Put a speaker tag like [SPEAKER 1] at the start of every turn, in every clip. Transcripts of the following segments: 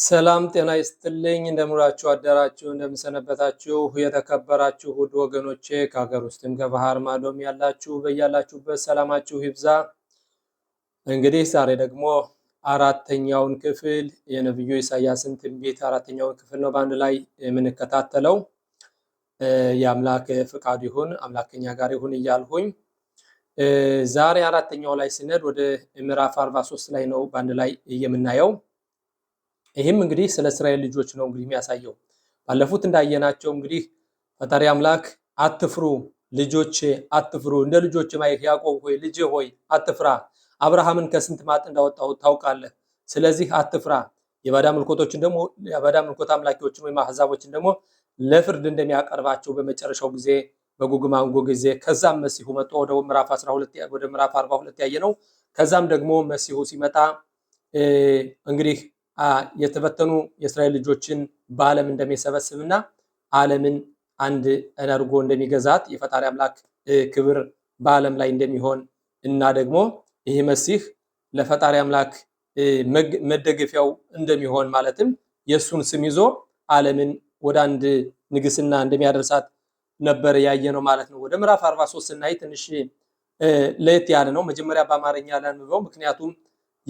[SPEAKER 1] ሰላም ጤና ይስጥልኝ። እንደምራችሁ አደራችሁ፣ እንደምሰነበታችሁ የተከበራችሁ ውድ ወገኖቼ ከሀገር ውስጥም ከባህር ማዶም ያላችሁ በያላችሁበት ሰላማችሁ ይብዛ። እንግዲህ ዛሬ ደግሞ አራተኛውን ክፍል የነቢዩ ኢሳያስን ትንቢት አራተኛውን ክፍል ነው በአንድ ላይ የምንከታተለው። የአምላክ ፍቃድ ይሁን አምላከኛ ጋር ይሁን እያልሁኝ ዛሬ አራተኛው ላይ ስንሄድ ወደ ምዕራፍ አርባ ሶስት ላይ ነው በአንድ ላይ የምናየው ይህም እንግዲህ ስለ እስራኤል ልጆች ነው እንግዲህ የሚያሳየው። ባለፉት እንዳየናቸው እንግዲህ ፈጣሪ አምላክ አትፍሩ ልጆች አትፍሩ፣ እንደ ልጆች ማየት ያዕቆብ ሆይ ልጅ ሆይ አትፍራ፣ አብርሃምን ከስንት ማጥ እንዳወጣው ታውቃለህ፣ ስለዚህ አትፍራ። የባዳ ምልኮቶችን ደግሞ የባዳ ምልኮት አምላኪዎችን ወይም አህዛቦችን ደግሞ ለፍርድ እንደሚያቀርባቸው በመጨረሻው ጊዜ በጉግማንጎ ጊዜ ከዛም መሲሁ መጥቶ ወደ ምዕራፍ 12 ወደ ምዕራፍ 42 ያየ ነው። ከዛም ደግሞ መሲሁ ሲመጣ እንግዲህ የተበተኑ የእስራኤል ልጆችን በዓለም እንደሚሰበስብና ዓለምን አንድ እነርጎ እንደሚገዛት የፈጣሪ አምላክ ክብር በዓለም ላይ እንደሚሆን እና ደግሞ ይህ መሲህ ለፈጣሪ አምላክ መደገፊያው እንደሚሆን ማለትም የእሱን ስም ይዞ ዓለምን ወደ አንድ ንግስና እንደሚያደርሳት ነበር ያየ ነው ማለት ነው። ወደ ምዕራፍ 43 ስናይ ትንሽ ለየት ያለ ነው። መጀመሪያ በአማርኛ ላንብበው፣ ምክንያቱም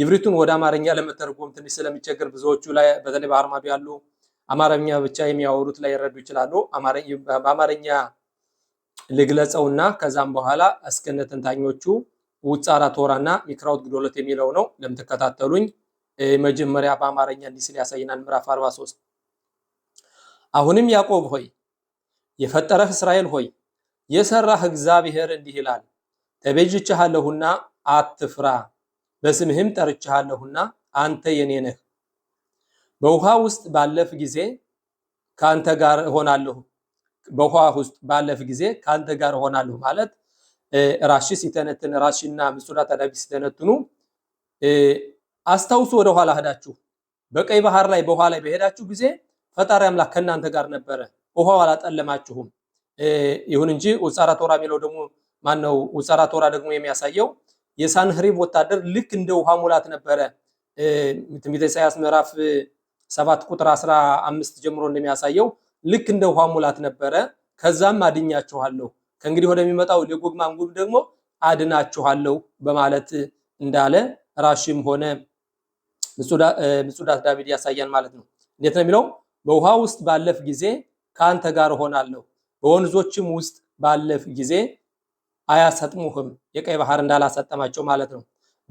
[SPEAKER 1] ይብሪቱን ወደ አማርኛ ለመተርጎም ትንሽ ስለሚቸገር ብዙዎቹ ላይ በተለይ ባህር ማዶ ያሉ አማርኛ ብቻ የሚያወሩት ላይ ይረዱ ይችላሉ። በአማርኛ ልግለጸውና ከዛም በኋላ እስከነ ተንታኞቹ ውፅ አራት ወራና ሚክራውት ግዶሎት የሚለው ነው። ለምትከታተሉኝ መጀመሪያ በአማርኛ እንዲህ ሲል ያሳይናል። ምዕራፍ 43 አሁንም ያዕቆብ ሆይ የፈጠረህ እስራኤል ሆይ የሰራህ እግዚአብሔር እንዲህ ይላል ተቤዥቼሃለሁና አትፍራ በስምህም ጠርቻለሁና አንተ የኔ ነህ። በውሃ ውስጥ ባለፍ ጊዜ ከአንተ ጋር እሆናለሁ። በውሃ ውስጥ ባለፍ ጊዜ ከአንተ ጋር እሆናለሁ ማለት ራሽ ሲተነትን ራሽና ምጹዳት አዳቢ ሲተነትኑ አስታውሱ፣ ወደ ኋላ ሄዳችሁ በቀይ ባህር ላይ በውሃ ላይ በሄዳችሁ ጊዜ ፈጣሪ አምላክ ከእናንተ ጋር ነበረ፣ ውሃው አላጠለማችሁም። ይሁን እንጂ ውጻራ ቶራ የሚለው ደግሞ ማነው? ውጻራ ቶራ ደግሞ የሚያሳየው የሳንህሪብ ወታደር ልክ እንደ ውሃ ሙላት ነበረ። ትንቢተ ኢሳያስ ምዕራፍ ሰባት ቁጥር አስራ አምስት ጀምሮ እንደሚያሳየው ልክ እንደ ውሃ ሙላት ነበረ። ከዛም አድኛችኋለሁ ከእንግዲህ ወደሚመጣው የጎግ ማንጉድ ደግሞ አድናችኋለሁ በማለት እንዳለ ራሽም ሆነ ምጹዳት ዳቪድ ያሳያል ማለት ነው። እንዴት ነው የሚለው? በውሃ ውስጥ ባለፍ ጊዜ ከአንተ ጋር እሆናለሁ፣ በወንዞችም ውስጥ ባለፍ ጊዜ አያሰጥሙህም፣ የቀይ ባህር እንዳላሰጠማቸው ማለት ነው።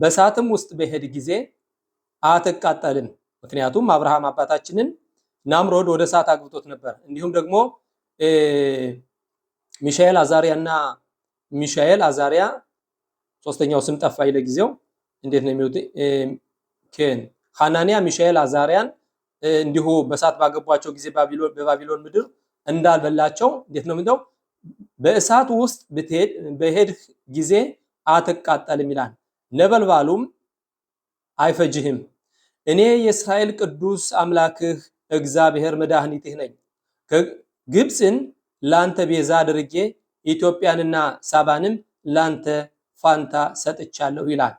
[SPEAKER 1] በእሳትም ውስጥ በሄድ ጊዜ አትቃጠልም። ምክንያቱም አብርሃም አባታችንን ናምሮድ ወደ እሳት አግብቶት ነበር። እንዲሁም ደግሞ ሚሻኤል አዛሪያ እና ሚሻኤል አዛሪያ ሶስተኛው ስም ጠፋኝ ለጊዜው እንዴት ነው የሚሉት? ኬን ሃናንያ ሚሻኤል አዛሪያን እንዲሁ በእሳት ባገቧቸው ጊዜ በባቢሎን ምድር እንዳልበላቸው እንዴት ነው የሚለው በእሳት ውስጥ በሄድህ ጊዜ አትቃጠልም ይላል፣ ነበልባሉም አይፈጅህም። እኔ የእስራኤል ቅዱስ አምላክህ እግዚአብሔር መድኃኒትህ ነኝ። ግብፅን ላንተ ቤዛ አድርጌ ኢትዮጵያንና ሳባንም ላንተ ፋንታ ሰጥቻለሁ ይላል።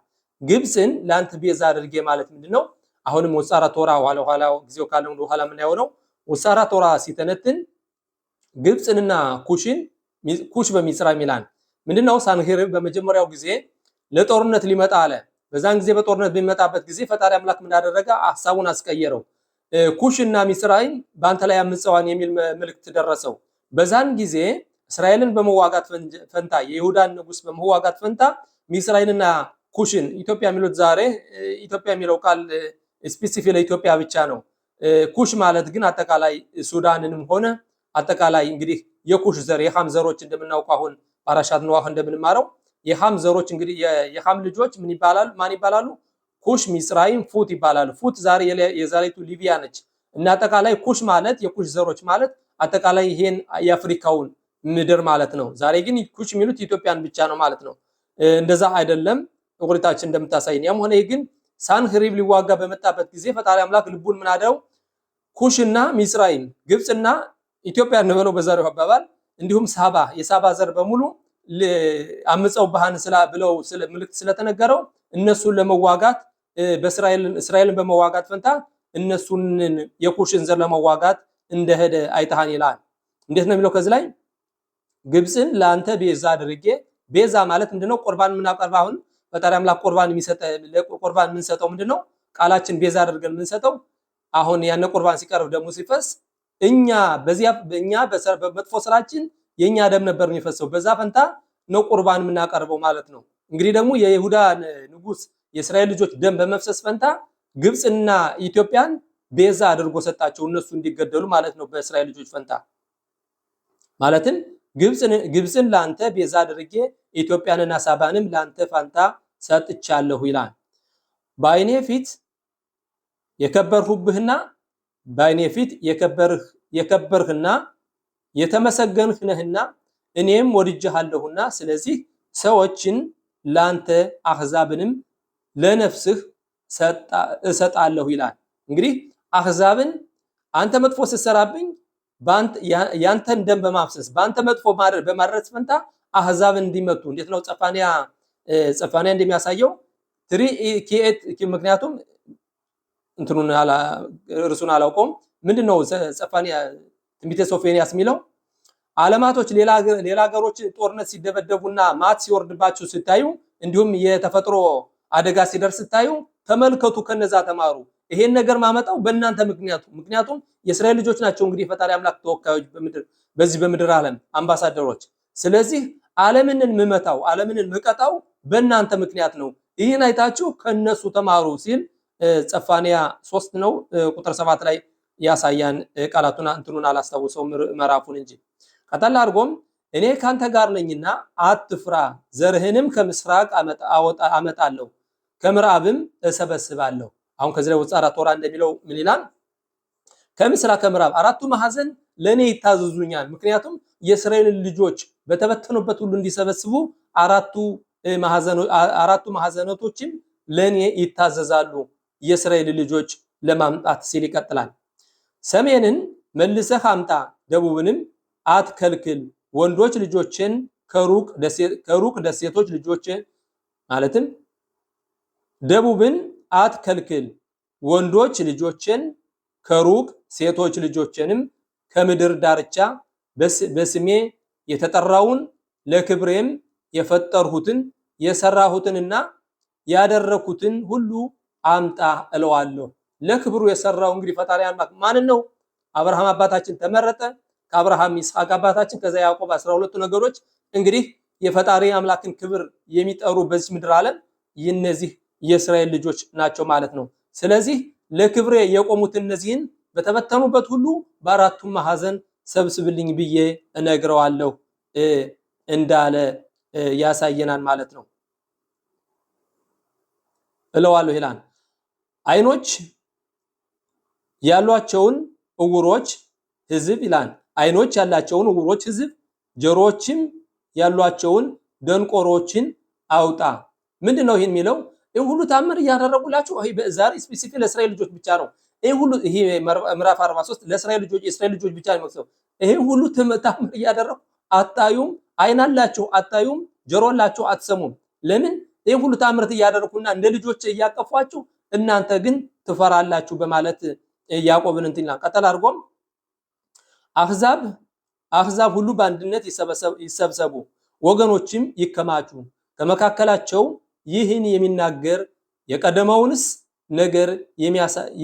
[SPEAKER 1] ግብፅን ላንተ ቤዛ አድርጌ ማለት ምንድነው? አሁንም ወሳራ ቶራ ኋላ ኋላ ጊዜው ካለ በኋላ የምናየው ነው። ወሳራ ቶራ ሲተነትን ግብፅንና ኩሽን ኩሽ በሚጽራም ሚላን ምንድነው ሳንሄር በመጀመሪያው ጊዜ ለጦርነት ሊመጣ አለ። በዛን ጊዜ በጦርነት በሚመጣበት ጊዜ ፈጣሪ አምላክ ምናደረገ? ሀሳቡን አስቀየረው። ኩሽና እና ሚስራይም በአንተ ላይ አምፀዋን የሚል መልእክት ደረሰው። በዛን ጊዜ እስራኤልን በመዋጋት ፈንታ የይሁዳን ንጉስ በመዋጋት ፈንታ ሚስራይንና ኩሽን ኢትዮጵያ የሚሉት ዛሬ ኢትዮጵያ የሚለው ቃል ስፔሲፊክ ለኢትዮጵያ ብቻ ነው። ኩሽ ማለት ግን አጠቃላይ ሱዳንንም ሆነ አጠቃላይ እንግዲህ የኩሽ ዘር የሃም ዘሮች እንደምናውቀው አሁን ባራሻት ነዋህ እንደምንማረው የሃም ዘሮች እንግዲህ የሃም ልጆች ምን ይባላሉ? ማን ይባላሉ? ኩሽ፣ ሚስራይም፣ ፉት ይባላሉ። ፉት ዛሬ የዛሬቱ ሊቢያ ነች እና አጠቃላይ ኩሽ ማለት የኩሽ ዘሮች ማለት አጠቃላይ ይሄን የአፍሪካውን ምድር ማለት ነው። ዛሬ ግን ኩሽ የሚሉት ኢትዮጵያን ብቻ ነው ማለት ነው። እንደዛ አይደለም ቁሪታችን እንደምታሳይን። ያም ሆነ ግን ሳንህሪብ ሊዋጋ በመጣበት ጊዜ ፈጣሪ አምላክ ልቡን ምናደው ኩሽና ሚስራይም ግብፅና ኢትዮጵያ እንበለው በዛሬው አባባል እንዲሁም ሳባ የሳባ ዘር በሙሉ አምፀው ባህን ስላ ብለው ምልክት ስለተነገረው እነሱን ለመዋጋት በእስራኤልን በመዋጋት ፈንታ እነሱን የኩሽን ዘር ለመዋጋት እንደሄደ አይታሃን ይላል። እንዴት ነው የሚለው ከዚህ ላይ ግብፅን ለአንተ ቤዛ አድርጌ ቤዛ ማለት ምንድነው? ቁርባን የምናቀርብ አሁን ፈጣሪ አምላክ ቁርባን ቁርባን የምንሰጠው ምንድነው? ቃላችን ቤዛ አድርገን የምንሰጠው አሁን ያነ ቁርባን ሲቀርብ ደግሞ ሲፈስ እኛ በዚያ እኛ በመጥፎ ስራችን የኛ ደም ነበር የሚፈሰው። በዛ ፈንታ ነው ቁርባን የምናቀርበው ማለት ነው። እንግዲህ ደግሞ የይሁዳ ንጉስ የእስራኤል ልጆች ደም በመፍሰስ ፈንታ ግብፅና ኢትዮጵያን ቤዛ አድርጎ ሰጣቸው፣ እነሱ እንዲገደሉ ማለት ነው። በእስራኤል ልጆች ፈንታ ማለትም ግብፅን ለአንተ ቤዛ አድርጌ ኢትዮጵያንና ሳባንም ለአንተ ፈንታ ሰጥቻለሁ ይላል። በአይኔ ፊት የከበርሁብህና በአይኔ ፊት የከበርህና የተመሰገንህ ነህና እኔም ወድጃለሁና ስለዚህ ሰዎችን ላንተ አህዛብንም ለነፍስህ እሰጣለሁ ይላል። እንግዲህ አህዛብን አንተ መጥፎ ስትሰራብኝ ያንተን ደም በማፍሰስ በአንተ መጥፎ በማድረስ ፈንታ አህዛብን እንዲመቱ እንዴት ነው ጸፋንያ ጸፋንያ እንደሚያሳየው ትሪ ኪኤት ምክንያቱም እንትኑን ርሱን አላውቀውም። ምንድን ነው ትንቢተ ሶፎንያስ የሚለው? አለማቶች ሌላ ሀገሮች ጦርነት ሲደበደቡና ማት ሲወርድባችሁ ስታዩ፣ እንዲሁም የተፈጥሮ አደጋ ሲደርስ ስታዩ ተመልከቱ፣ ከነዛ ተማሩ። ይሄን ነገር ማመጣው በእናንተ ምክንያቱ ምክንያቱም የእስራኤል ልጆች ናቸው እንግዲህ የፈጣሪ አምላክ ተወካዮች በዚህ በምድር ዓለም አምባሳደሮች። ስለዚህ ዓለምንን ምመታው ዓለምንን ምቀጣው በእናንተ ምክንያት ነው። ይህን አይታችሁ ከነሱ ተማሩ ሲል ጸፋንያ ሶስት ነው ቁጥር ሰባት ላይ ያሳያን ቃላቱን እንትኑን አላስታውሰውም ምዕራፉን እንጂ ቀጠል አድርጎም እኔ ካንተ ጋር ነኝና አትፍራ፣ ዘርህንም ከምስራቅ አመጣለሁ ከምዕራብም እሰበስባለሁ። አሁን ከዚህ ላይ ውስጥ አራት ወራ እንደሚለው ምን ይላል? ከምስራቅ ከምዕራብ አራቱ ማዕዘን ለእኔ ይታዘዙኛል። ምክንያቱም የእስራኤልን ልጆች በተበተኑበት ሁሉ እንዲሰበስቡ አራቱ ማዕዘኖችም ለእኔ ይታዘዛሉ። የእስራኤል ልጆች ለማምጣት ሲል ይቀጥላል። ሰሜንን መልሰህ አምጣ፣ ደቡብንም አትከልክል። ወንዶች ልጆችን ከሩቅ ደሴቶች ልጆች ማለትም ደቡብን አትከልክል፣ ወንዶች ልጆችን ከሩቅ ሴቶች ልጆችንም ከምድር ዳርቻ በስሜ የተጠራውን ለክብሬም የፈጠርሁትን የሰራሁትንና ያደረኩትን ሁሉ አምጣ እለዋለሁ። ለክብሩ የሰራው እንግዲህ ፈጣሪ አምላክ ማንን ነው? አብርሃም አባታችን ተመረጠ። ከአብርሃም ይስሐቅ አባታችን፣ ከዛ ያዕቆብ አስራ ሁለቱ ነገሮች እንግዲህ የፈጣሪ አምላክን ክብር የሚጠሩ በዚህ ምድር ዓለም እነዚህ የእስራኤል ልጆች ናቸው ማለት ነው። ስለዚህ ለክብሬ የቆሙት እነዚህን በተበተኑበት ሁሉ በአራቱ ማዕዘን ሰብስብልኝ ብዬ እነግረዋለሁ እንዳለ ያሳየናል ማለት ነው። እለዋለሁ ይላል። አይኖች ያሏቸውን እውሮች ህዝብ ይላል። አይኖች ያላቸውን እውሮች ህዝብ፣ ጆሮዎችም ያሏቸውን ደንቆሮችን አውጣ። ምንድን ነው ይህን የሚለው? ይህ ሁሉ ታምር እያደረጉላችሁ ዛሬ ስፔሲፊክ ለእስራኤል ልጆች ብቻ ነው። ይህ ሁሉ ይሄ ምዕራፍ 43 ለእስራኤል ልጆች እስራኤል ልጆች ብቻ ነው ነው። ይሄ ሁሉ ታምር እያደረጉ አታዩም፣ አይናላችሁ አታዩም፣ ጆሮላችሁ አትሰሙም። ለምን ይህ ሁሉ ታምርት እያደረኩና እንደ ልጆች እያቀፏችሁ እናንተ ግን ትፈራላችሁ በማለት ያዕቆብን እንትን ይላል። ቀጠል አድርጎም አህዛብ አህዛብ ሁሉ በአንድነት ይሰብሰቡ፣ ወገኖችም ይከማቹ፣ ከመካከላቸው ይህን የሚናገር የቀደመውንስ ነገር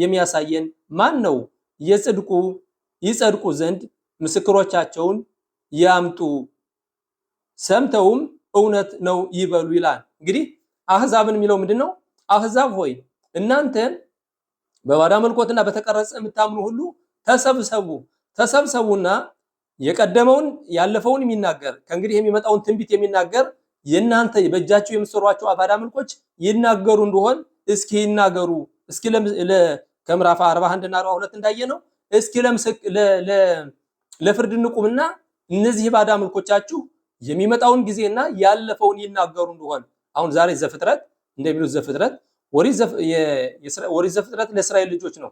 [SPEAKER 1] የሚያሳየን ማን ነው? የጽድቁ ይጸድቁ ዘንድ ምስክሮቻቸውን ያምጡ፣ ሰምተውም እውነት ነው ይበሉ ይላል። እንግዲህ አህዛብን የሚለው ምንድን ነው? አህዛብ ሆይ እናንተ በባዳ መልኮትና በተቀረጸ የምታምኑ ሁሉ ተሰብሰቡ ተሰብሰቡና የቀደመውን ያለፈውን የሚናገር ከእንግዲህ የሚመጣውን ትንቢት የሚናገር የእናንተ በእጃቸው የምትሰሯቸው አባዳ መልኮች ይናገሩ እንደሆን እስኪ ይናገሩ። እስኪ ከምዕራፍ 41 እና 42 እንዳየ ነው። እስኪ ለፍርድ ንቁምና እነዚህ ባዳ መልኮቻችሁ የሚመጣውን ጊዜና ያለፈውን ይናገሩ እንደሆን አሁን ዛሬ ዘፍጥረት እንደሚሉት ዘፍጥረት ኦሪት ዘፍጥረት ለእስራኤል ልጆች ነው።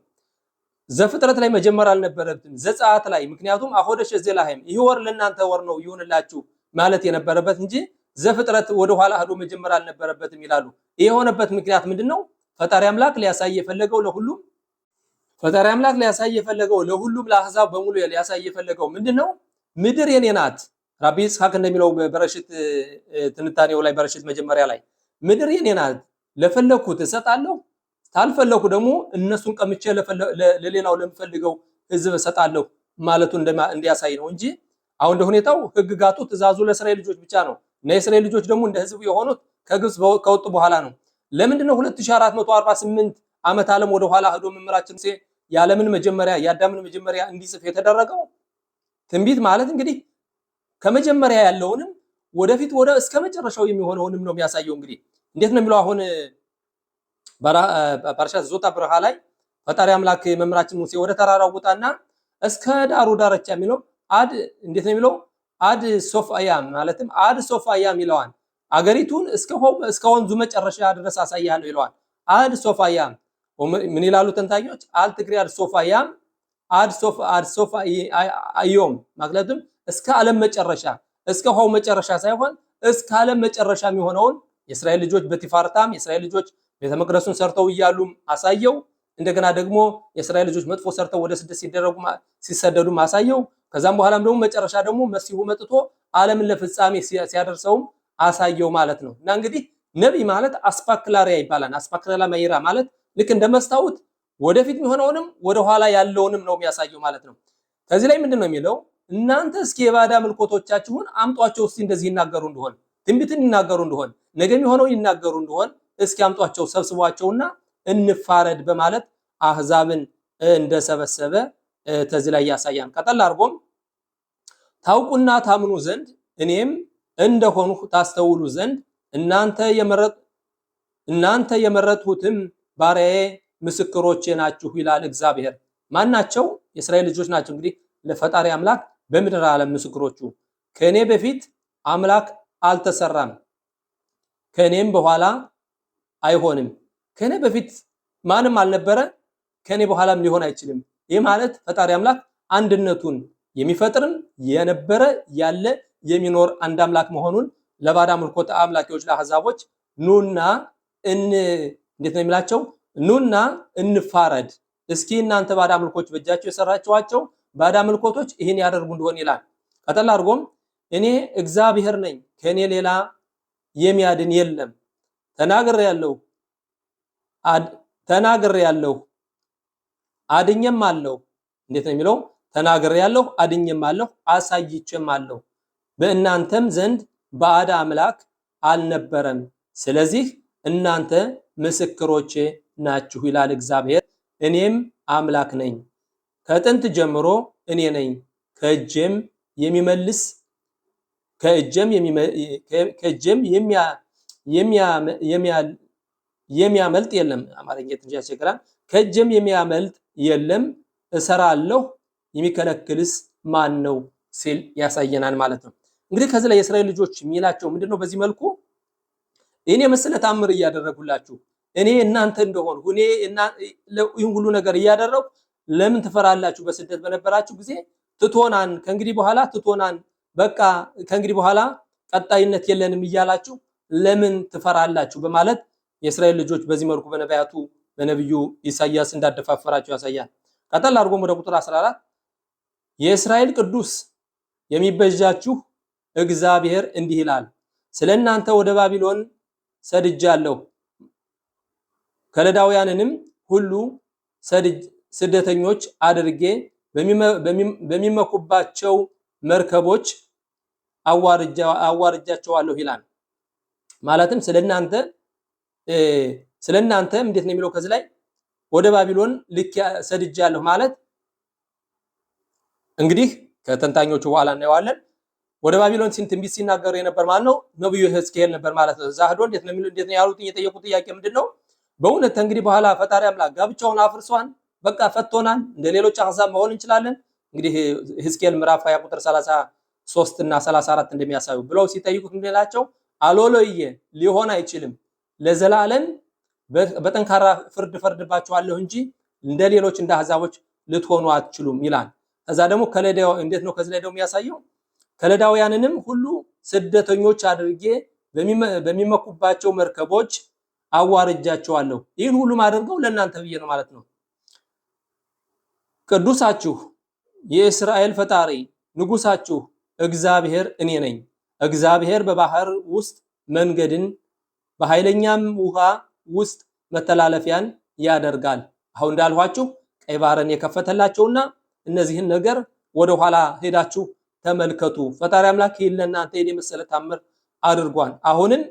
[SPEAKER 1] ዘፍጥረት ላይ መጀመር አልነበረብትም፣ ዘጸአት ላይ ምክንያቱም አሆደሽ ዘላህም ይህ ወር ለእናንተ ወር ነው ይሁንላችሁ ማለት የነበረበት እንጂ ዘፍጥረት ወደኋላ ሄዶ መጀመር አልነበረበትም ይላሉ። ይህ የሆነበት ምክንያት ምንድን ነው? ፈጣሪ አምላክ ሊያሳይ የፈለገው ለሁሉም ፈጣሪ አምላክ ሊያሳይ የፈለገው ለሁሉም ለአህዛብ በሙሉ ሊያሳይ የፈለገው ምንድን ነው? ምድር የኔ ናት። ራቢ ይስሐቅ እንደሚለው በረሽት ትንታኔው ላይ በረሽት መጀመሪያ ላይ ምድር የኔ ናት ለፈለኩት እሰጣለሁ፣ ታልፈለኩ ደግሞ እነሱን ቀምቼ ለሌላው ለምፈልገው ህዝብ እሰጣለሁ ማለቱ እንዲያሳይ ነው እንጂ አሁን እንደ ሁኔታው ህግጋቱ ትእዛዙ ለእስራኤል ልጆች ብቻ ነው እና የእስራኤል ልጆች ደግሞ እንደ ህዝብ የሆኑት ከግብፅ ከወጡ በኋላ ነው። ለምንድን ነው 2448 ዓመት ዓለም ወደ ኋላ ሄዶ መምህራችን ሙሴ የዓለምን መጀመሪያ የአዳምን መጀመሪያ እንዲጽፍ የተደረገው? ትንቢት ማለት እንግዲህ ከመጀመሪያ ያለውንም ወደፊት ወደ እስከ መጨረሻው የሚሆነውንም ነው የሚያሳየው እንግዲህ እንዴት ነው የሚለው አሁን ፓርሻት ዞታ በረሃ ላይ ፈጣሪ አምላክ መምህራችን ሙሴ ወደ ተራራው ውጣና እስከ ዳሩ ዳርቻ የሚለው አድ እንዴት ነው የሚለው አድ ሶፍ አያም ማለትም አድ ሶፍ አያም ይለዋል። አገሪቱን እስከ ወንዙ መጨረሻ ድረስ አሳያለሁ ይለዋል። አድ ሶፍ አያም ምን ይላሉ ተንታኞች? አል ትግሪ አድ ሶፍ አያም አድ ሶፍ አድ ሶፍ አዮም ማለትም እስከ ዓለም መጨረሻ እስከ ውሃው መጨረሻ ሳይሆን እስከ ዓለም መጨረሻ የሚሆነውን የእስራኤል ልጆች በቲፋርታም የእስራኤል ልጆች ቤተ መቅደሱን ሰርተው እያሉ አሳየው። እንደገና ደግሞ የእስራኤል ልጆች መጥፎ ሰርተው ወደ ስደት ሲደረጉ ሲሰደዱ አሳየው። ከዛም በኋላም ደግሞ መጨረሻ ደግሞ መሲሁ መጥቶ ዓለምን ለፍጻሜ ሲያደርሰውም አሳየው ማለት ነው። እና እንግዲህ ነቢይ ማለት አስፓክላሪያ ይባላል። አስፓክላሪያ መይራ ማለት ልክ እንደ መስታወት ወደፊት የሚሆነውንም ወደኋላ ያለውንም ነው የሚያሳየው ማለት ነው። ከዚህ ላይ ምንድን ነው የሚለው? እናንተ እስኪ የባዳ ምልኮቶቻችሁን አምጧቸው እስቲ እንደዚህ ይናገሩ እንደሆነ ትንቢትን ይናገሩ እንደሆን ነገም የሆነው ይናገሩ እንደሆን እስኪ አምጧቸው ሰብስቧቸውና እንፋረድ በማለት አህዛብን እንደሰበሰበ ተዚህ ላይ ያሳያን። ቀጠል አድርጎም ታውቁና ታምኑ ዘንድ እኔም እንደሆኑ ታስተውሉ ዘንድ እናንተ የመረጥ እናንተ የመረጥሁትም ባሪያዬ ምስክሮቼ ናችሁ ይላል እግዚአብሔር። ማናቸው? የእስራኤል ልጆች ናቸው። እንግዲህ ለፈጣሪ አምላክ በምድር ዓለም ምስክሮቹ ከእኔ በፊት አምላክ አልተሰራም፣ ከእኔም በኋላ አይሆንም። ከእኔ በፊት ማንም አልነበረ፣ ከእኔ በኋላም ሊሆን አይችልም። ይህ ማለት ፈጣሪ አምላክ አንድነቱን የሚፈጥርን የነበረ ያለ የሚኖር አንድ አምላክ መሆኑን ለባዳ ምልኮተ አምላኪዎች ለአሕዛቦች ኑና እን እንዴት ነው የሚላቸው? ኑና እንፋረድ። እስኪ እናንተ ባዳ ምልኮች በእጃቸው የሰራችኋቸው ባዳ ምልኮቶች ይህን ያደርጉ እንደሆን ይላል። ቀጠል አድርጎም እኔ እግዚአብሔር ነኝ፣ ከእኔ ሌላ የሚያድን የለም። ተናግሬ ያለሁ ተናግሬ ያለሁ አድኜም አለሁ። እንዴት ነው የሚለው? ተናግሬ ያለሁ አድኜም አለሁ አሳይቼም አለሁ። በእናንተም ዘንድ ባዕድ አምላክ አልነበረም። ስለዚህ እናንተ ምስክሮቼ ናችሁ ይላል እግዚአብሔር። እኔም አምላክ ነኝ፣ ከጥንት ጀምሮ እኔ ነኝ፣ ከእጄም የሚመልስ ከእጀም የሚያመልጥ የለም። አማርኛ ትንሽ ያስቸግራል። ከእጀም የሚያመልጥ የለም እሰራለሁ የሚከለክልስ ማን ነው ሲል ያሳየናል ማለት ነው። እንግዲህ ከዚህ ላይ የእስራኤል ልጆች የሚላቸው ምንድነው? በዚህ መልኩ እኔ የመሰለ ታምር እያደረጉላችሁ እኔ እናንተ እንደሆንኩ እኔ ይህን ሁሉ ነገር እያደረጉ ለምን ትፈራላችሁ? በስደት በነበራችሁ ጊዜ ትቶናን ከእንግዲህ በኋላ ትቶናን በቃ ከእንግዲህ በኋላ ቀጣይነት የለንም እያላችሁ ለምን ትፈራላችሁ? በማለት የእስራኤል ልጆች በዚህ መልኩ በነቢያቱ በነቢዩ ኢሳያስ እንዳደፋፈራቸው ያሳያል። ቀጠል አድርጎም ወደ ቁጥር 14 የእስራኤል ቅዱስ የሚበዣችሁ እግዚአብሔር እንዲህ ይላል፣ ስለ እናንተ ወደ ባቢሎን ሰድጃለሁ፣ ከለዳውያንንም ሁሉ ስደተኞች አድርጌ በሚመኩባቸው መርከቦች አዋርጃቸዋለሁ ይላል። ማለትም ስለናንተ ስለናንተ እንዴት ነው የሚለው ከዚህ ላይ ወደ ባቢሎን ልክ ሰድጃለሁ ማለት እንግዲህ ከተንታኞቹ በኋላ እናየዋለን። ወደ ባቢሎን ሲን ትንቢት ሲናገሩ የነበር ማለት ነው ነብዩ ሕዝቅኤል ነበር ማለት ነው። ዛህዶ እንዴት ነው የሚሉት እንዴት ነው ያሉት የጠየቁት ጥያቄ ምንድነው? በእውነት እንግዲህ በኋላ ፈጣሪ አምላክ ጋብቻውን አፍርሷን በቃ ፈቶናን እንደ ሌሎች አሕዛብ መሆን እንችላለን። እንግዲህ ሕዝቅኤል ምዕራፍ 20 ቁጥር 30 ሶስት እና ሰላሳ አራት እንደሚያሳዩ ብለው ሲጠይቁት እንደላቸው አሎሎዬ ሊሆን አይችልም ለዘላለም በጠንካራ ፍርድ ፈርድባችኋለሁ እንጂ እንደ ሌሎች እንደ ልትሆኑ አትችሉም ይላል። ከዛ ደግሞ ከለዳው እንዴት ነው ከዚህ ላይ ደግሞ የሚያሳየው ከለዳውያንንም ሁሉ ስደተኞች አድርጌ በሚመኩባቸው መርከቦች አዋርጃቸዋለሁ። ይህን ሁሉም አድርገው ለእናንተ ብዬ ነው ማለት ነው። ቅዱሳችሁ የእስራኤል ፈጣሪ ንጉሳችሁ እግዚአብሔር እኔ ነኝ። እግዚአብሔር በባህር ውስጥ መንገድን በኃይለኛም ውሃ ውስጥ መተላለፊያን ያደርጋል። አሁን እንዳልኋችሁ ቀይ ባህርን የከፈተላቸውና እነዚህን ነገር ወደኋላ ሄዳችሁ ተመልከቱ። ፈጣሪ አምላክ ይህን ለእናንተ ይህን የመሰለ ታምር አድርጓል። አሁንን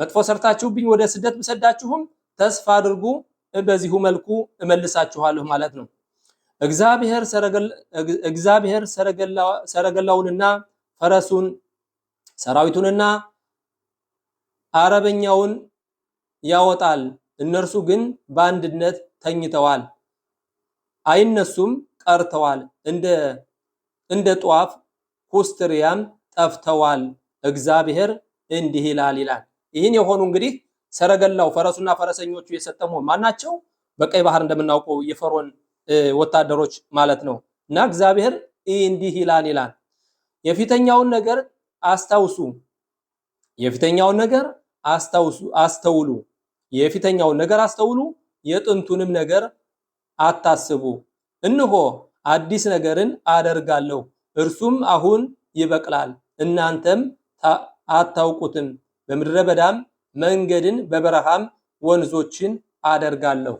[SPEAKER 1] መጥፎ ሰርታችሁብኝ ወደ ስደት ብሰዳችሁም ተስፋ አድርጉ፣ በዚሁ መልኩ እመልሳችኋለሁ ማለት ነው። እግዚአብሔር ሰረገላውንና ፈረሱን ሰራዊቱንና አረበኛውን ያወጣል። እነርሱ ግን በአንድነት ተኝተዋል፣ አይነሱም ቀርተዋል። እንደ እንደ ጧፍ ኩስትሪያም ጠፍተዋል። እግዚአብሔር እንዲህ ይላል ይላል። ይህን የሆኑ እንግዲህ ሰረገላው ፈረሱና ፈረሰኞቹ የሰጠሙ ማናቸው? በቀይ ባህር እንደምናውቀው የፈሮን ወታደሮች ማለት ነው። እና እግዚአብሔር እንዲህ ይላል ይላል የፊተኛውን ነገር አስታውሱ፣ የፊተኛውን ነገር አስታውሱ፣ አስተውሉ፣ የፊተኛውን ነገር አስተውሉ፣ የጥንቱንም ነገር አታስቡ። እንሆ አዲስ ነገርን አደርጋለሁ፣ እርሱም አሁን ይበቅላል፣ እናንተም አታውቁትም። በምድረ በዳም መንገድን በበረሃም ወንዞችን አደርጋለሁ።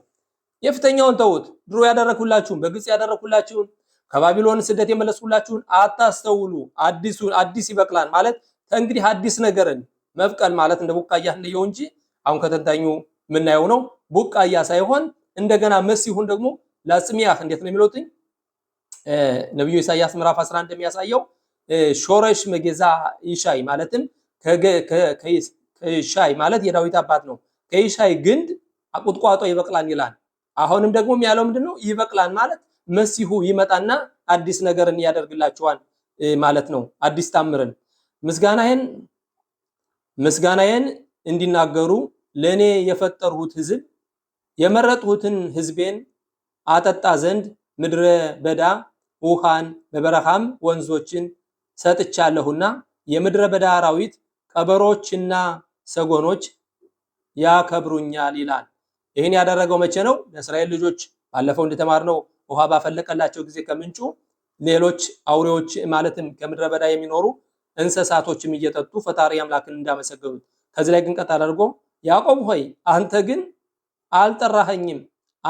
[SPEAKER 1] የፊተኛውን ተውት። ድሮ ያደረኩላችሁን በግልጽ ያደረኩላችሁን ከባቢሎን ስደት የመለስኩላችሁን አታስተውሉ። አዲሱን አዲስ ይበቅላል ማለት ከእንግዲህ አዲስ ነገርን መብቀል ማለት እንደ ቡቃያ እንየው እንጂ አሁን ከተንታኙ የምናየው ነው ቡቃያ ሳይሆን እንደገና መሲሁን ደግሞ ላጽሚያህ እንዴት ነው የሚለውትኝ ነቢዩ ኢሳያስ ምዕራፍ 11 እንደሚያሳየው ሾረሽ መጌዛ ይሻይ ማለትም ከይሻይ ማለት የዳዊት አባት ነው። ከይሻይ ግንድ አቁጥቋጦ ይበቅላል ይላል። አሁንም ደግሞ የሚያለው ምንድነው? ይበቅላል ማለት መሲሁ ይመጣና አዲስ ነገርን ያደርግላችኋል ማለት ነው። አዲስ ታምርን ምስጋናዬን ምስጋናዬን እንዲናገሩ ለእኔ የፈጠርሁት ህዝብ የመረጥሁትን ህዝቤን አጠጣ ዘንድ ምድረ በዳ ውሃን በበረሃም ወንዞችን ሰጥቻለሁና የምድረ በዳ አራዊት ቀበሮችና ሰጎኖች ያከብሩኛል ይላል። ይህን ያደረገው መቼ ነው? ለእስራኤል ልጆች ባለፈው እንደተማርነው ውሃ ባፈለቀላቸው ጊዜ ከምንጩ ሌሎች አውሬዎች ማለትም ከምድረ በዳ የሚኖሩ እንስሳቶችም እየጠጡ ፈጣሪ አምላክን እንዳመሰገኑት። ከዚህ ላይ ግን ቀጥ አድርጎ ያዕቆብ ሆይ አንተ ግን አልጠራኸኝም፣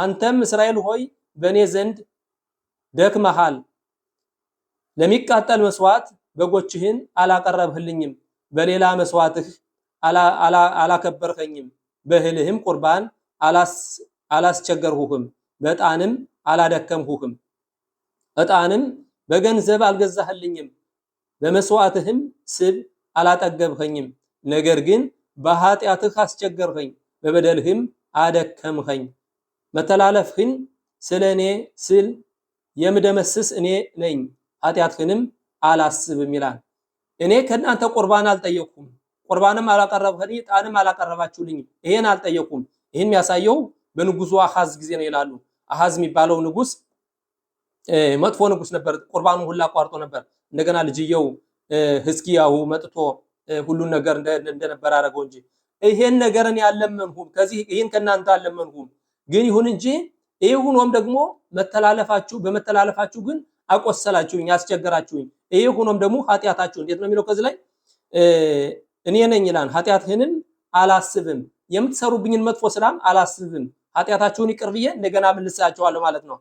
[SPEAKER 1] አንተም እስራኤል ሆይ በእኔ ዘንድ ደክመሃል፣ ለሚቃጠል መስዋዕት በጎችህን አላቀረብህልኝም፣ በሌላ መስዋዕትህ አላከበርኸኝም፣ በእህልህም ቁርባን አላስቸገርሁህም፣ በዕጣንም አላደከምሁህም። ዕጣንም በገንዘብ አልገዛህልኝም፣ በመስዋዕትህም ስብ አላጠገብኸኝም። ነገር ግን በኃጢአትህ አስቸገርኸኝ፣ በበደልህም አደከምኸኝ። መተላለፍህን ስለ እኔ ስል የምደመስስ እኔ ነኝ፣ ኃጢአትህንም አላስብም ይላል። እኔ ከእናንተ ቁርባን አልጠየቅኩም፣ ቁርባንም አላቀረብኸኝ፣ ዕጣንም አላቀረባችሁልኝ፣ ይሄን አልጠየቅኩም። ይህን የሚያሳየው በንጉሱ አሃዝ ጊዜ ነው ይላሉ። አሃዝ የሚባለው ንጉስ መጥፎ ንጉስ ነበር። ቁርባኑ ሁላ አቋርጦ ነበር። እንደገና ልጅየው ህዝኪያሁ መጥቶ ሁሉን ነገር እንደነበር አደረገው እንጂ ይሄን ነገርን ያለመንሁም ከዚህ ይህን ከእናንተ አለመንሁም። ግን ይሁን እንጂ ይህ ሁኖም ደግሞ መተላለፋችሁ በመተላለፋችሁ ግን አቆሰላችሁኝ፣ አስቸገራችሁኝ። ይህ ሁኖም ደግሞ ኃጢአታችሁ እንዴት ነው የሚለው ከዚህ ላይ እኔ ነኝ ይላል። ኃጢአትህንም አላስብም የምትሰሩብኝን መጥፎ ስራም አላስብም፣ ኃጢአታችሁን ይቅር ብዬ እንደገና መልሳችኋለሁ ማለት ነው።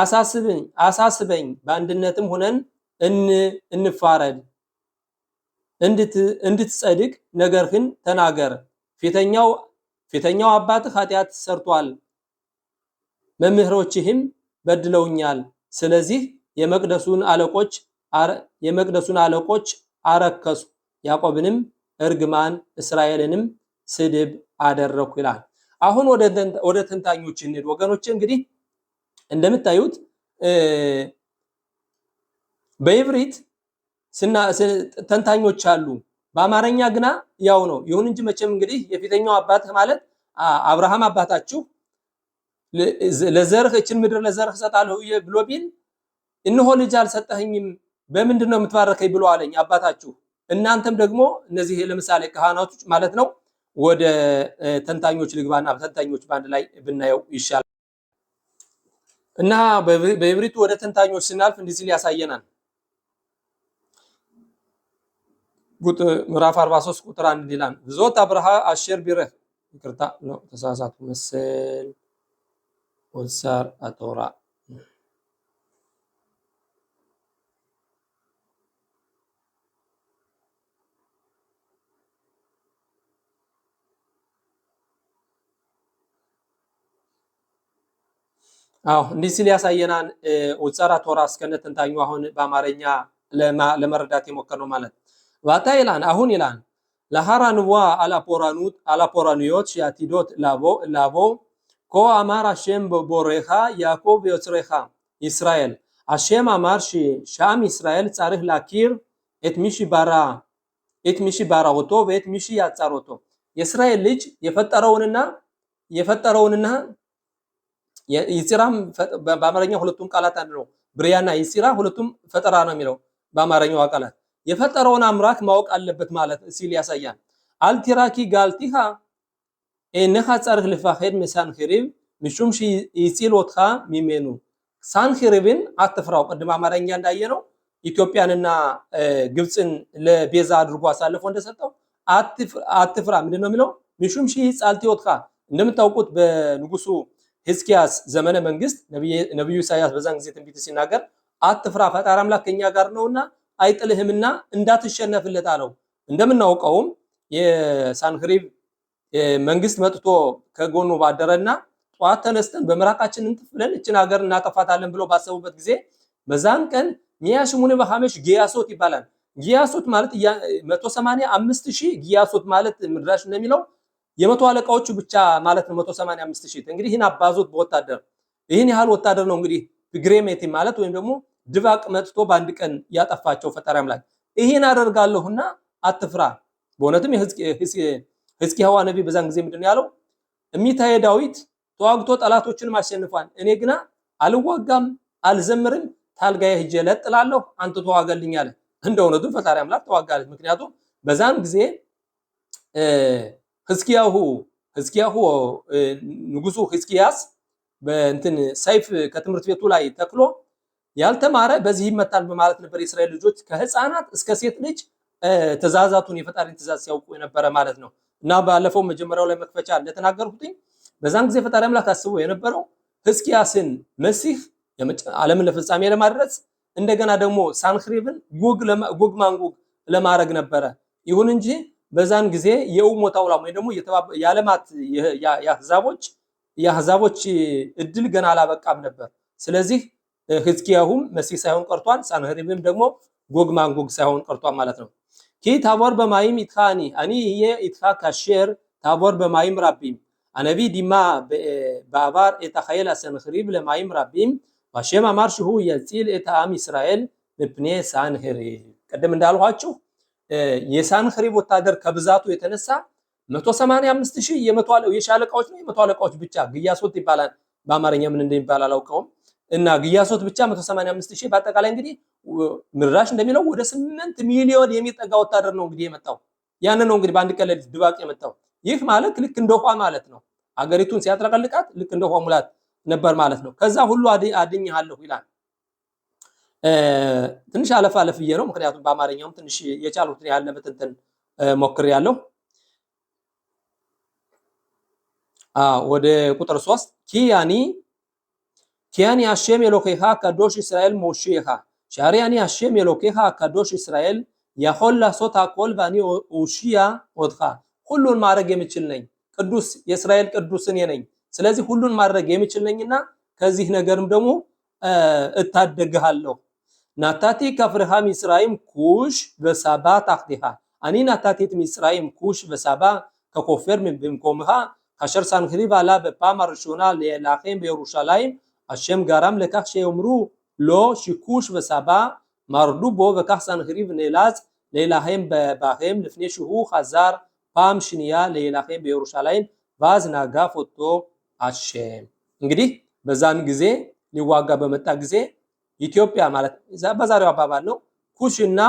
[SPEAKER 1] አሳስበኝ አሳስበኝ በአንድነትም ሆነን እንፋረድ እንድትጸድቅ ነገርህን ተናገር። ፊተኛው ፊተኛው አባትህ ኃጢአት ሰርቷል፣ መምህሮችህም በድለውኛል። ስለዚህ የመቅደሱን አለቆች የመቅደሱን አለቆች አረከሱ፣ ያዕቆብንም እርግማን፣ እስራኤልንም ስድብ አደረኩ ይላል። አሁን ወደ ተንታኞች እንሂድ ወገኖች። እንግዲህ እንደምታዩት በኢብሪት ተንታኞች አሉ። በአማርኛ ግና ያው ነው። ይሁን እንጂ መቼም እንግዲህ የፊተኛው አባት ማለት አብርሃም አባታችሁ ለዘርህ እችን ምድር ለዘርህ እሰጣለሁ ብሎ ቢል እነሆ ልጅ አልሰጠህኝም በምንድን ነው የምትባረከኝ ብሎ አለኝ አባታችሁ እናንተም ደግሞ እነዚህ ለምሳሌ ካህናቶች ማለት ነው ወደ ተንታኞች ልግባና ተንታኞች በአንድ ላይ ብናየው ይሻላል እና በዕብሪቱ ወደ ተንታኞች ስናልፍ እንዲህ ሲል ያሳየናል። ምዕራፍ 43 ቁጥር አንድ ይላል ዞት አብርሃ አሸር ቢረህ ይቅርታ ነው ተሳሳቱ መሰል ወንሳር አጦራ አዎ እንዲህ ሲል ያሳየናን ውፀራ ቶራ እስከነ ትንታኙ አሁን በአማርኛ ለመረዳት ነው ማለት ዋታ ይላን አሁን ይላን ለሃራንዋ አላፖራኑት አላፖራኑዮት ያቲዶት ላቦ ላቦ ኮ አማር አሸም ቦሬኻ ያዕቆብ ዮጽሬኻ ישראל አሸም አማር ሺ ሻም ישראל ጻሪህ ላኪር ኤት ሚሺ ባራ ኤት ሚሺ ወቶ ወኤት ሚሺ ያጻሮቶ የእስራኤል ልጅ የፈጠረውንና የፈጠረውንና ይፂራም በአማርኛ ሁለቱም ቃላት አንድ ነው። ብርያና ይፂራ ሁለቱም ፈጠራ ነው የሚለው በአማርኛው ቃላት የፈጠረውን አምራክ ማወቅ አለበት ማለት ሲል ያሳያል። አልቲራኪ ጋልቲሃ እነኻ ጻርህ ልፋሄድ ሚሳንኪሪብ ምሹም ይፂሎትካ ሚሜኑ ሳንኪሪብን አትፍራው። ቅድም አማርኛ እንዳየ ነው ኢትዮጵያንና ግብፅን ለቤዛ አድርጎ አሳልፎ እንደሰጠው አትፍራ ምንድን ነው የሚለው ምሹም ሺህ ጻልቲዮትካ እንደምታውቁት በንጉሱ ህዝቅያስ ዘመነ መንግስት ነቢዩ ኢሳያስ በዛን ጊዜ ትንቢት ሲናገር አትፍራ ፈጣሪ አምላክ ከኛ ጋር ነውና አይጥልህምና እንዳትሸነፍለት አለው። እንደምናውቀውም የሳንክሪብ መንግስት መጥቶ ከጎኑ ባደረና ጠዋት ተነስተን በምራቃችን እንትፍ ብለን እችን ሀገር እናጠፋታለን ብሎ ባሰቡበት ጊዜ በዛን ቀን ሚያሽሙኒ በሐመሽ ጊያሶት ይባላል። ጊያሶት ማለት 185 ሺህ ጊያሶት ማለት ምድራሽ እንደሚለው የመቶ አለቃዎቹ ብቻ ማለት ነው 185 ሺህ እንግዲህ ይህን አባዙት በወታደር ይህን ያህል ወታደር ነው እንግዲህ ግሬሜቲ ማለት ወይም ደግሞ ድባቅ መጥቶ በአንድ ቀን ያጠፋቸው ፈጣሪ አምላክ። ይህን አደርጋለሁና አትፍራ። በእውነትም ሀዋ ነቢ በዛን ጊዜ ምንድን ያለው እሚታየ ዳዊት ተዋግቶ ጠላቶችን አሸንፏል። እኔ ግና አልዋጋም አልዘምርም፣ ታልጋዬ ሂጄ ለጥላለሁ አንተ ተዋጋልኝ አለ። እንደ እውነቱም ፈጣሪ አምላክ ተዋጋለች። ምክንያቱም በዛን ጊዜ ህዝቅያሁ ህዝቅያሁ ንጉሱ ህዝቅያስ በእንትን ሰይፍ ከትምህርት ቤቱ ላይ ተክሎ ያልተማረ በዚህ ይመታል በማለት ነበር። የእስራኤል ልጆች ከህፃናት እስከ ሴት ልጅ ትእዛዛቱን የፈጣሪን ትእዛዝ ሲያውቁ የነበረ ማለት ነው እና ባለፈው መጀመሪያው ላይ መክፈቻ እንደተናገርኩትኝ በዛን ጊዜ ፈጣሪ አምላክ አስቦ የነበረው ህዝቅያስን መሲህ ዓለምን ለፍጻሜ ለማድረስ እንደገና ደግሞ ሳንክሪብን ጎግ ማንጎግ ለማድረግ ነበረ። ይሁን እንጂ በዛን ጊዜ የኡሞት አውላም ወይ ደግሞ የዓለማት የአህዛቦች የአህዛቦች እድል ገና አላበቃም ነበር። ስለዚህ ህዝቅያሁም መሲህ ሳይሆን ቀርቷል። ሳንህሪብም ደግሞ ጎግ ማንጎግ ሳይሆን ቀርቷል ማለት ነው። ኪ ታቦር በማይም ኢትካኒ አኒ ይሄ ኢትካ ካሼር ታቦር በማይም ራቢም አነቢ ዲማ በአባር ኤታኸይል ሰንህሪብ ለማይም ራቢም ዋሼም አማር ሽሁ የፂል ኤታአም እስራኤል ምፕኔ ሳንህሪብ ቅድም እንዳልኋችሁ የሳንኸሪብ ወታደር ከብዛቱ የተነሳ 185 ሺህ የሻለቃዎች ነው የመቶ አለቃዎች ብቻ ግያሶት ይባላል። በአማርኛ ምን እንደሚባል አላውቀውም። እና ግያሶት ብቻ 185 ሺህ በአጠቃላይ እንግዲህ ምድራሽ እንደሚለው ወደ 8 ሚሊዮን የሚጠጋ ወታደር ነው እንግዲህ የመጣው። ያንን ነው እንግዲህ በአንድ ቀለል ድባቅ የመጣው። ይህ ማለት ልክ እንደ ውሃ ማለት ነው። አገሪቱን ሲያጥለቀልቃት ልክ እንደ ውሃ ሙላት ነበር ማለት ነው። ከዛ ሁሉ አድኜሃለሁ ይላል። ትንሽ አለፍ አለፍ ብዬ ነው፣ ምክንያቱም በአማርኛውም ትንሽ የቻሉትን ያህል ለመተንተን ሞክሬያለሁ። ወደ ቁጥር ሶስት ኪያኒ ኪያኒ አሼም የሎኬሃ ካዶሽ እስራኤል ሞሼሃ ሻሪያኒ አሼም የሎኬሃ ካዶሽ እስራኤል ያሆላ ሶታ ኮልቫኒ ኡሺያ ኦትኻ ሁሉን ማድረግ የምችል ነኝ፣ ቅዱስ የእስራኤል ቅዱስ እኔ ነኝ። ስለዚህ ሁሉን ማድረግ የምችል ነኝና ከዚህ ነገርም ደግሞ እታደግሃለሁ נתתי כפרך מצרים כוש וסבא תחתיך. אני נתתי את מצרים כוש וסבא ככופר במקומך, כאשר סנחריב עלה בפעם הראשונה להילחם בירושלים, השם גרם לכך שיאמרו לו לא, שכוש וסבא מרדו בו, וכך סנחריב נאלץ להילחם בהם לפני שהוא חזר פעם שנייה להילחם בירושלים, ואז נגף אותו השם. እንግዲህ በዛን ጊዜ ሊዋጋ በመጣ ጊዜ ኢትዮጵያ ማለት በዛሬው አባባል ነው። ኩሽ እና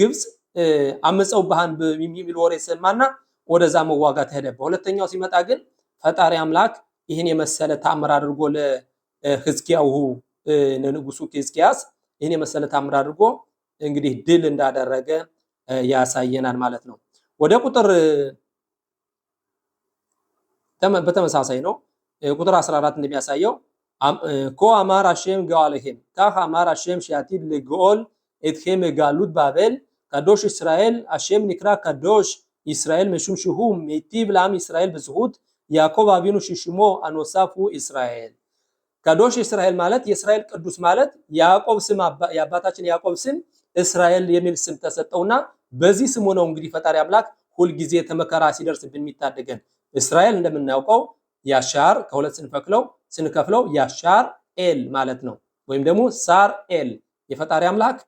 [SPEAKER 1] ግብፅ አምፀው ባህን የሚል ወሬ ሰማና ወደዛ መዋጋት ሄደ። በሁለተኛው ሲመጣ ግን ፈጣሪ አምላክ ይህን የመሰለ ታምር አድርጎ ለህዝኪያው ለንጉሱ ሕዝቅያስ ይህን የመሰለ ታምር አድርጎ እንግዲህ ድል እንዳደረገ ያሳየናል ማለት ነው። ወደ ቁጥር በተመሳሳይ ነው ቁጥር 14 እንደሚያሳየው כה אמר השם גואליכם, כך אמר השם שעתיד לגאול אתכם מגלות בבל, קדוש ישראל, השם נקרא קדוש ישראל משום שהוא מיטיב לעם ישראל בזכות יעקב אבינו ששמו הנוסף הוא ישראל። קדוש ישראל מעלת, מעלת, ישראל יעקב የእስራኤል ቅዱስ ማለት ያዕቆብ ስም የአባታችን ያዕቆብ ስም እስራኤል የሚል ስም ተሰጠውና በዚህ ስሙ ነው እንግዲህ המקרה አምላክ ሁልጊዜ מיטה דגן. ישראל נדמנה אוקו, ያሻር ከሁለት ስንፈክለው ስንከፍለው ያሻር ኤል ማለት ነው። ወይም ደግሞ ሳር ኤል የፈጣሪ አምላክ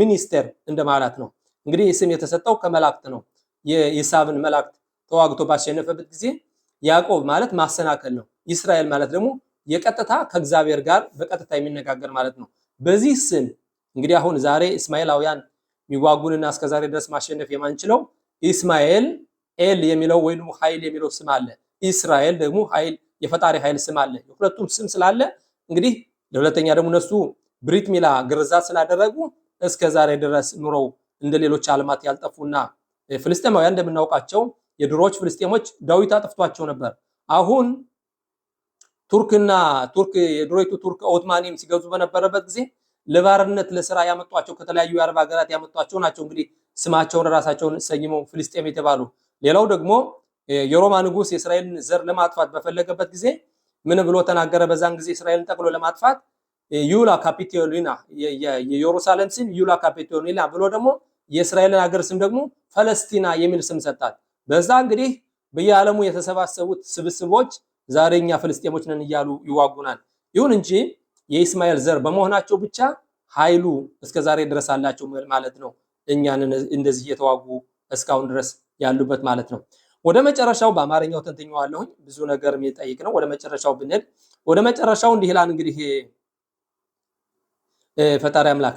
[SPEAKER 1] ሚኒስቴር እንደማለት ነው። እንግዲህ ስም የተሰጠው ከመላእክት ነው። የኢሳብን መላእክት ተዋግቶ ባሸነፈበት ጊዜ ያዕቆብ ማለት ማሰናከል ነው። እስራኤል ማለት ደግሞ የቀጥታ ከእግዚአብሔር ጋር በቀጥታ የሚነጋገር ማለት ነው። በዚህ ስም እንግዲህ አሁን ዛሬ እስማኤላውያን የሚዋጉንና እስከዛሬ ድረስ ማሸነፍ የማንችለው ኢስማኤል ኤል የሚለው ወይም ኃይል የሚለው ስም አለ። ኢስራኤል ደግሞ ኃይል የፈጣሪ ኃይል ስም አለ። የሁለቱም ስም ስላለ እንግዲህ ለሁለተኛ ደግሞ እነሱ ብሪት ሚላ ግርዛት ስላደረጉ እስከ ዛሬ ድረስ ኑረው እንደ ሌሎች አለማት ያልጠፉና ፍልስጤማውያን እንደምናውቃቸው የድሮዎች ፍልስጤሞች ዳዊት አጥፍቷቸው ነበር። አሁን ቱርክና ቱርክ የድሮይቱ ቱርክ ኦትማኒም ሲገዙ በነበረበት ጊዜ ለባርነት ለስራ ያመጧቸው ከተለያዩ የአረብ ሀገራት ያመጧቸው ናቸው። እንግዲህ ስማቸውን ራሳቸውን ሰይመው ፍልስጤም የተባሉ ሌላው ደግሞ የሮማ ንጉስ የእስራኤልን ዘር ለማጥፋት በፈለገበት ጊዜ ምን ብሎ ተናገረ? በዛን ጊዜ እስራኤልን ጠቅሎ ለማጥፋት ዩላ ካፒቶሊና የኢየሩሳሌም ስም ዩላ ካፒቶሊና ብሎ ደግሞ የእስራኤልን ሀገር ስም ደግሞ ፈለስቲና የሚል ስም ሰጣት። በዛ እንግዲህ በየዓለሙ የተሰባሰቡት ስብስቦች ዛሬ እኛ ፍልስጤሞች ነን እያሉ ይዋጉናል። ይሁን እንጂ የኢስማኤል ዘር በመሆናቸው ብቻ ኃይሉ እስከ ዛሬ ድረስ አላቸው ማለት ነው። እኛን እንደዚህ እየተዋጉ እስካሁን ድረስ ያሉበት ማለት ነው። ወደ መጨረሻው በአማርኛው ተንትኘዋለሁኝ። ብዙ ነገር የሚጠይቅ ነው። ወደ መጨረሻው ብንሄድ ወደ መጨረሻው እንዲህ ይላል እንግዲህ ፈጣሪ አምላክ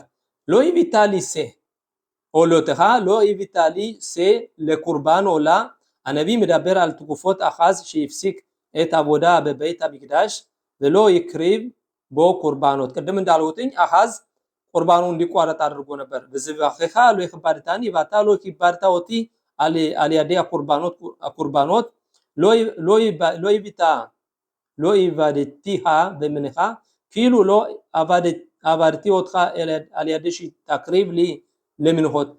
[SPEAKER 1] ሎይ ቪታሊ ሴ ኦሎተሃ ሎይ ቪታሊ ሴ ለኩርባን ኦላ አነቢ ምዳበር አልትጉፎት አኻዝ ሺፍሲክ ኤት አቦዳ በበይት አሚግዳሽ ብሎ ይክሪብ ቦ ቁርባኖት ቅድም እንዳልሁትኝ አኻዝ ቁርባኑ እንዲቋረጥ አድርጎ ነበር ብዝባኺኻ ሎይ ክባድታኒ ባታ ሎይ ኪባድታ ወቲ aliadea ቁርባኖት ሎ ኢቫደቲሃ በምንኻ ኪሉ ሎ አቫድቲ ወትኻ አልያደሽ ታክሪብ ሊ ለምንሆት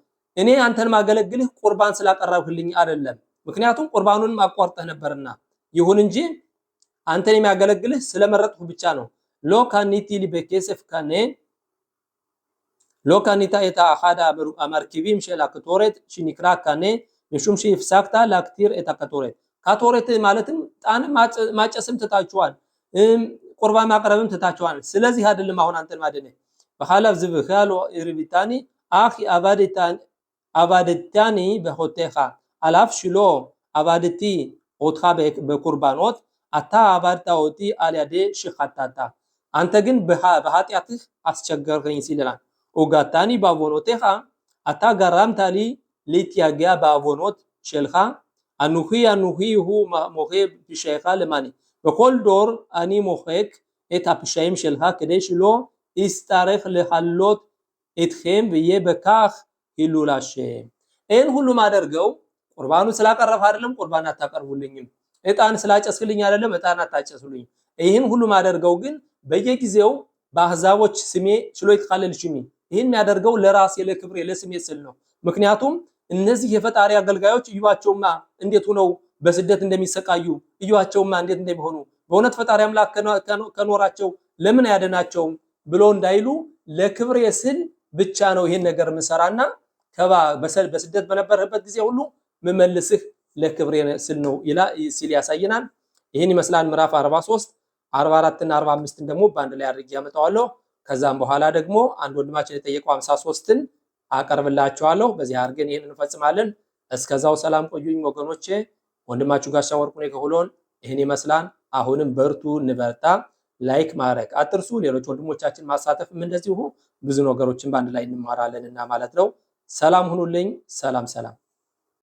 [SPEAKER 1] እኔ አንተን ማገለግልህ ቁርባን ስላቀረብክልኝ አይደለም። ምክንያቱም ቁርባኑን አቋርጠህ ነበርና፣ ይሁን እንጂ አንተን የሚያገለግልህ ስለመረጥሁ ብቻ ነው። ሎ ካኒቲ ሊበኬስፍ ካኔ ሎካኒታ የታ አሓዳ አመርኪቢም ሸላ ከቶሬት ሽኒክራ ካኔ ምሹም ሺ ፍሳክታ ላክቲር የታ ከቶሬት ካቶሬት ማለትም ጣን ማጨስም ትታችኋል፣ ቁርባ ማቅረብም ትታችኋል። ስለዚህ አይደለም አሁን አንተን ማደነ በሐላፍ ዝብ ኻሎ ኢርቢታኒ አኺ አባደታን በሆቴኻ አላፍ ሽሎ አባደቲ ኦትኻ በቁርባኖት አታ አባድታ ኦቲ አልያዴ ሽኻታታ አንተ ግን በኃጢአትህ አስቸገርከኝ ሲልናል הוגעתני בעוונותיך, אתה גרמת לי להתייגע בעוונות שלך, אנוכי אנוכי הוא מוחה פשעך למעני. בכל דור אני מוחק את הפשעים שלך כדי שלא יצטרך לחלות אתכם ויהיה בכך הילול השם። ይህን ሁሉም አደርገው ቁርባኑ ስላቀረብ አይደለም ቁርባን አታቀርቡልኝም፣ እጣን ስላጨስክልኝ አይደለም እጣን አታጨስሉኝ። ይህን ሁሉም አደርገው ግን በየጊዜው በአሕዛቦች ስሜ ችሎ ይትካለል ሽሚ ይህን የሚያደርገው ለራሴ ለክብሬ ለስሜ ስል ነው። ምክንያቱም እነዚህ የፈጣሪ አገልጋዮች እዩዋቸውማ እንዴት ሆነው በስደት እንደሚሰቃዩ እዩዋቸውማ እንዴት እንደሚሆኑ በእውነት ፈጣሪ አምላክ ከኖራቸው ለምን አያደናቸውም ብሎ እንዳይሉ ለክብሬ ስል ብቻ ነው ይህን ነገር ምሰራና በስደት በነበረበት ጊዜ ሁሉ ምመልስህ ለክብሬ ስል ነው ሲል ያሳየናል። ይህን ይመስላል ምዕራፍ 43 44 እና 45 ደግሞ በአንድ ላይ አድርጌ ያመጣዋለሁ። ከዛም በኋላ ደግሞ አንድ ወንድማችን የጠየቀው 53ን አቀርብላችኋለሁ። በዚህ አድርገን ይህን እንፈጽማለን። እስከዛው ሰላም ቆዩኝ ወገኖቼ። ወንድማችሁ ጋሻ ወርቁኔ ከሁሎን ይህን ይመስላል። አሁንም በርቱ፣ እንበርታ። ላይክ ማድረግ አትርሱ። ሌሎች ወንድሞቻችን ማሳተፍም እንደዚሁ ብዙ ነገሮችን በአንድ ላይ እንማራለንና ማለት ነው። ሰላም ሁኑልኝ። ሰላም ሰላም